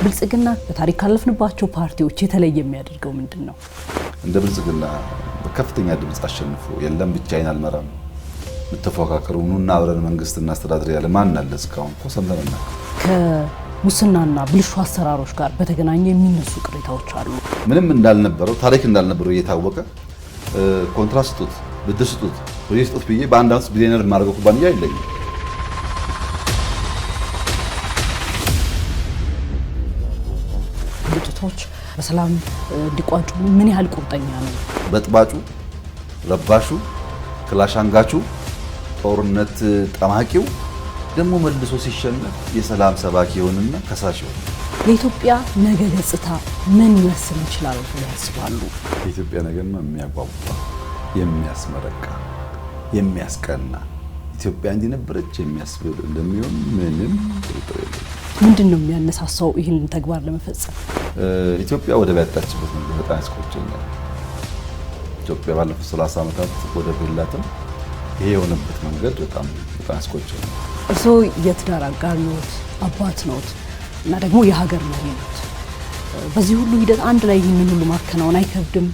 ብልጽግና በታሪክ ካለፍንባቸው ፓርቲዎች የተለየ የሚያደርገው ምንድን ነው? እንደ ብልጽግና በከፍተኛ ድምፅ አሸንፎ የለም ብቻዬን አልመራም የምትፎካከሩ ኑና አብረን መንግስት እናስተዳድር ያለ ማን አለ? እስካሁን እኮ ሰምተንና ከሙስናና ብልሹ አሰራሮች ጋር በተገናኘ የሚነሱ ቅሬታዎች አሉ። ምንም እንዳልነበረው ታሪክ እንዳልነበረው እየታወቀ ኮንትራት ስጡት፣ ብድር ስጡት፣ ፕሮጀክት ስጡት ብዬ በአንድ አመት ቢሊዮነር የማደርገው ኩባንያ የለኝም። ሁከቶች በሰላም እንዲቋጩ ምን ያህል ቁርጠኛ ነው? በጥባጩ፣ ለባሹ፣ ክላሽ አንጋቹ፣ ጦርነት ጠማቂው ደግሞ መልሶ ሲሸነፍ የሰላም ሰባኪ ይሆንና ከሳሽ ይሆን። የኢትዮጵያ ነገ ገጽታ ምን ይመስል ይችላል ያስባሉ? የኢትዮጵያ ነገማ የሚያጓጓ የሚያስመረቃ የሚያስቀና ኢትዮጵያ እንዲነበረች የሚያስብል እንደሚሆን ምንም ጥርጥር የለም። ምንድን ነው የሚያነሳሳው ይህንን ተግባር ለመፈጸም? ኢትዮጵያ ወደብ ያጣችበት ነው በጣም ያስቆጨኛል። ኢትዮጵያ ባለፉት 30 ዓመታት ወደብ የላትም። ይሄ የሆነበት መንገድ በጣም በጣም ያስቆጨኛል። እርስዎ የትዳር አጋር ነዎት፣ አባት ነዎት እና ደግሞ የሀገር መሪ ነዎት። በዚህ ሁሉ ሂደት አንድ ላይ ይህንን ሁሉ ማከናወን አይከብድም?